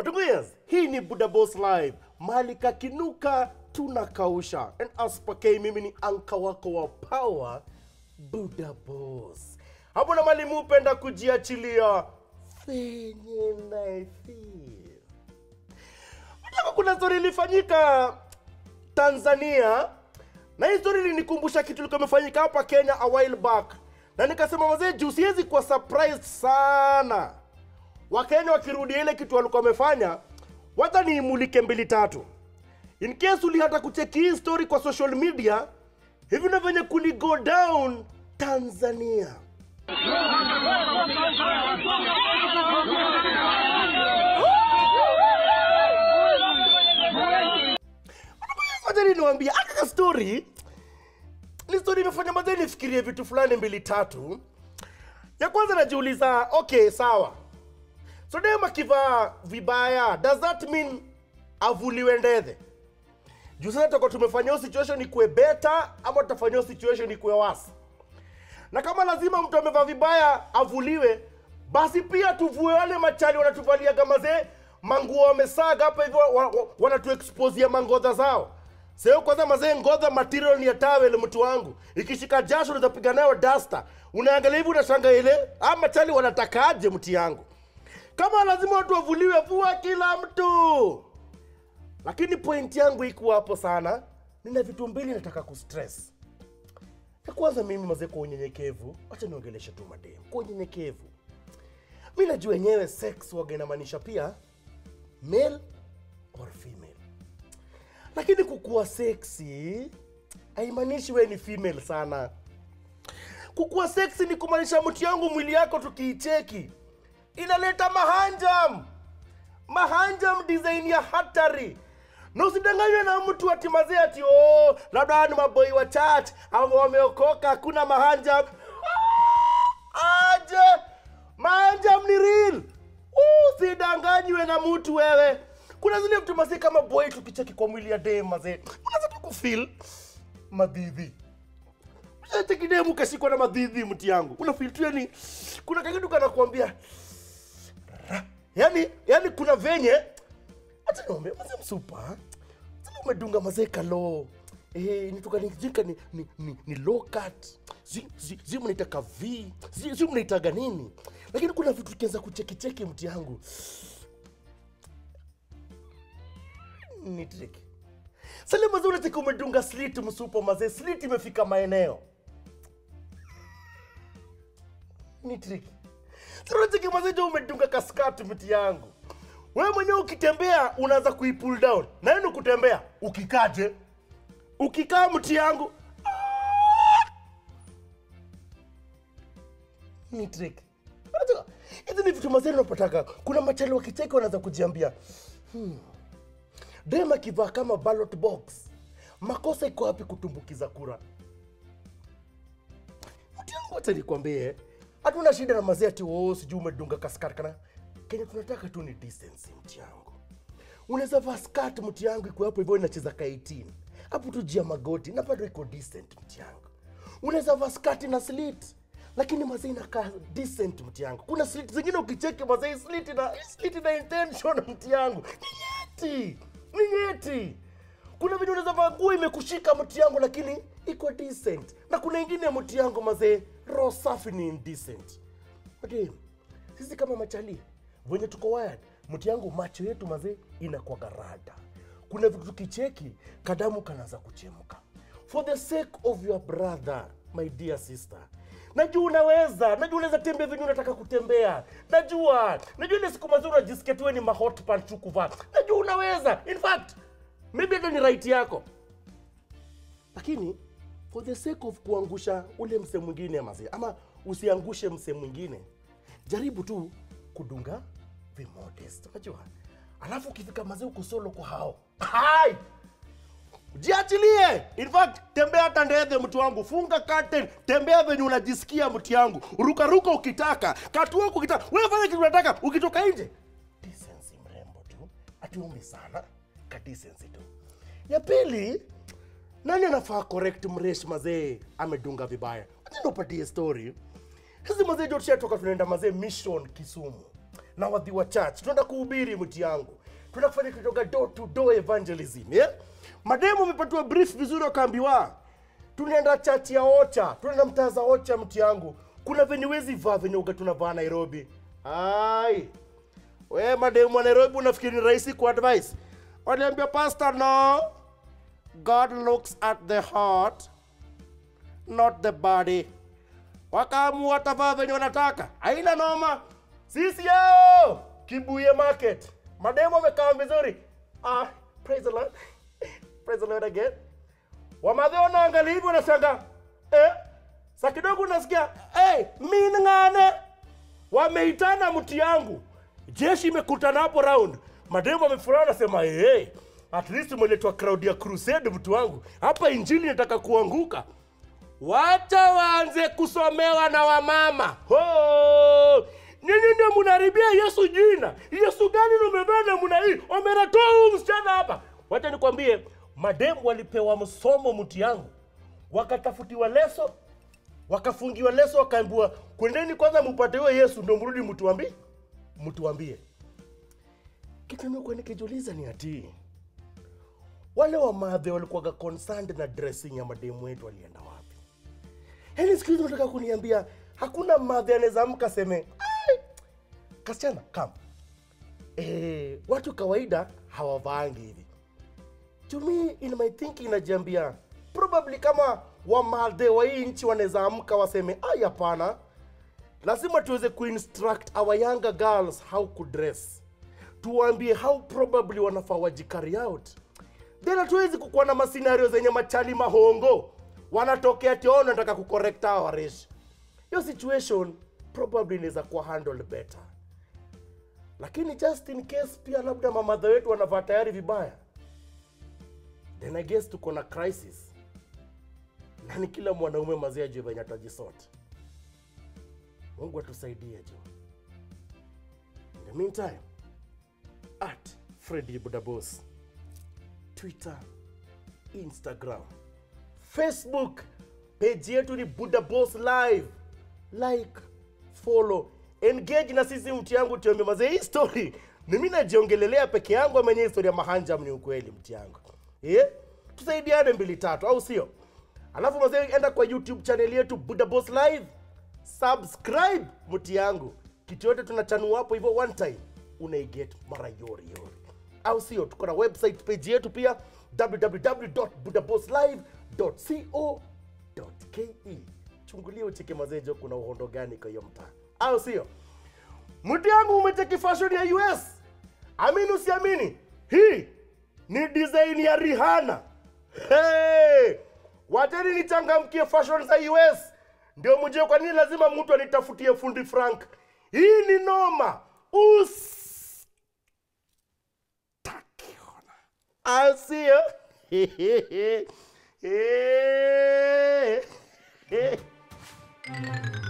Watunguias, hii ni Buda Boss Live, mahali kakinuka tunakausha. And as per K, mimi ni anka wako wa power Buda Boss. Hapo na mali mupenda kujiachilia fenye naifi. Mtaka kuna story ilifanyika Tanzania na hii story ilinikumbusha kitu liko imefanyika hapa Kenya a while back, na nikasema wazee, juu siwezi kwa surprise sana Wakenya wakirudia ile kitu walikuwa wamefanya, wacha niimulike mbili tatu. In case uli hata kucheki hii story kwa social media, hivi na venye kuli go down Tanzania. Madhari niwaambia aka story ni story imefanya madhari nifikirie vitu fulani mbili tatu. Ya kwanza najiuliza, okay, sawa so dem akivaa vibaya does that mean avuliwe ndethe juu sasa toko tumefanyia situation ikuwe beta ama tutafanyia situation ikuwe wasi na kama lazima mtu amevaa vibaya avuliwe basi pia tuvue wale machali wanatuvalia gamazee manguo wamesaga hapa hivyo wanatuexposia mangodha zao sehemu kwanza mazee ngodha material ni ya tawel mtu wangu ikishika jasho unazapiga nayo dasta unaangalia hivi unashanga ile ama ah, machali wanatakaje mti yangu kama lazima watu wavuliwe, vua kila mtu. Lakini pointi yangu iko hapo sana, nina vitu mbili nataka kustress. Ya kwanza mimi mazee, kwa unyenyekevu, acha niongeleshe tu madem kwa unyenyekevu. Mi najua yenyewe sex waga inamaanisha pia male or female, lakini kukuwa sexy haimaanishi wewe ni female sana. Kukuwa sexy ni kumaanisha mtu yangu, mwili yako tukiicheki inaleta mahanjam mahanjam design ya hatari na usidanganywe na mtu atimazee ati oh, labda ni maboi wa chat au wameokoka hakuna mahanjam ah, aje mahanjam ni real uh, usidanganywe na mtu wewe kuna zile mtu kama boy tukicheki kwa mwili ya dem mazee madhidhi cheki kashikwa na madhidhi mti yangu unafil tu kuna kakitu yani, yani kuna venye hata mazee msupa sema umedunga mazee kalo Eh, nituka nijika ni, ni, ni, ni low cut zi, zi, zi mnaitaka v zi, zi mnaitaga nini lakini kuna vitu tukianza kuchekicheki mti yangu ni trick mazee unataka umedunga slit msupa mazee slit imefika maeneo ni Riziki Mwazito, umedunga kaskati mti yangu. We mwenye ukitembea unaanza kui pull down. Na yenu kutembea ukikaje? Ukikaa mti yangu. Ni trick. Unajua? Hizi ni vitu mazuri unapotaka. Kuna machali wa wakicheka wanaanza kujiambia. Hmm. Dema akivaa kama ballot box. Makosa iko wapi kutumbukiza kura? Mti yangu acha nikwambie. Hatuna shida na mazee ati oh, sijui umedunga kaskari kana. Kenya tunataka tu ni distance mti yangu. Unaweza vaa skirt mti yangu iko hapo hivyo inacheza ka 18. Hapo tu jia magoti na bado iko decent mti yangu. Unaweza vaa skirt na slit lakini mazee inakaa decent mti yangu. Kuna slit zingine ukicheki mazee slit na slit na intention mti yangu. Ni nyeti. Ni nyeti kuna vitu unaweza vaa nguo imekushika mti yangu lakini iko decent na kuna ingine mti yangu mazee roho safi ni indecent okay. sisi kama machali venye tuko wired mti yangu macho yetu mazee inakuwa garada kuna vitu tukicheki kadamu kanaanza kuchemka for the sake of your brother my dear sister najua unaweza najua unaweza tembea venye unataka kutembea najua najua ile siku mazuri unajisikia tu ni mahot pants kuvaa najua unaweza in fact maybe hata ni right yako, lakini for the sake of kuangusha ule mse mwingine mazi, ama usiangushe mse mwingine, jaribu tu kudunga be modest, unajua. Alafu ukifika mazi uko solo kwa hao hai Jiachilie. In fact, tembea tandethe mtu wangu, funga curtain, tembea venye unajisikia mtu yangu, ruka ruka ukitaka, katua ukitaka, wewe fanya kitu unataka, ukitoka nje. Decency mrembo tu, ati sana kadecency tu. Ya pili, nani anafaa correct mresh mazee amedunga vibaya? Acha ndopatie story. Hizi mazee ndio tushatoka tunaenda mazee mission Kisumu na wadhi wa church, tunaenda kuhubiri mti yangu, tunaenda kufanya kutoka door to door evangelism yeah? Mademu amepatiwa brief vizuri, akaambiwa, tunaenda church ya Ocha, tunaenda mtaa za Ocha mti yangu, kuna veniwezi vaa venyoga tunavaa Nairobi. Ai, we mademu wa Nairobi, unafikiri ni rahisi kuadvise Waliambia pastor, no, God looks at the heart not the body. wakamu watavaa venye wanataka, aina noma. Sisi yao Kibuye market, mademo wamekaa vizuri. Ah, praise the Lord, praise the Lord again. Wamadhe wanaangalia hivyo wanashangaa, eh, sa kidogo unasikia hey, mi ng'ane wameitana mti yangu, jeshi imekutana hapo round mademu amefuraha anasema hey, at least umeletwa crowd ya crusade mtu wangu hapa injili nataka kuanguka wacha waanze kusomewa na wamama ho nyinyi ndio mnaribia yesu jina yesu gani numevaa namuna hii omeratoa huu msichana hapa wacha nikwambie mademu walipewa msomo mti yangu wakatafutiwa leso wakafungiwa leso wakaambiwa kwendeni kwanza mupate huyo yesu ndio mrudi mtuambie mtuambie kitu nimekuwa nikijiuliza ni ati wale wamadhe walikuwaga concerned na dressing ya mademu wetu alienda wapi? Yaani siku hizi unataka kuniambia hakuna madhe anaweza amka seme kasichana kam e, eh, watu kawaida hawavaangi hivi. To me in my thinking najiambia probably kama wamadhe wa hii nchi wanaweza amka waseme ai, hapana, lazima tuweze kuinstruct our younger girls how to dress tuwaambie how probably wanafaa waji carry out then hatuwezi kukuwa na masinario zenye machali mahongo wanatokea ati oh, nataka kucorrect our race hiyo situation probably inaweza kuwa handled better lakini just in case pia labda mamadha wetu wanavaa tayari vibaya then i guess tuko na crisis nani kila mwanaume mazia ajue venye atajisort mungu atusaidie jo in the meantime at Freddy Budabos, Twitter, Instagram, Facebook. Page yetu ni Budabos Live. Like, follow, engage na sisi. Mti yangu tiombe maze hii story mimi najiongelelea peke yangu ama yenyewe historia mahanja ni ukweli? Mti yangu yeah? Tusaidiane mbili tatu, au sio? Alafu mazee, enda kwa YouTube channel yetu Budabos Live, subscribe mti yangu, kitu yote tunachanua hapo hivyo one time unaiget mara yori yori, au sio? tukona website page yetu pia www.budabosslive.co.ke. Chungulia ucheke mazejo, kuna uhondo gani kwa hiyo mtaa, au sio? Mtu yangu umecheki fashion ya US, amini usiamini, hii ni design ya Rihanna. Hey! Wateni nichangamkie fashion za US. Ndio mjue kwa nini lazima mtu anitafutie fundi Frank. Hii ni noma. Usi I'll see you. hey. Eh. Eh.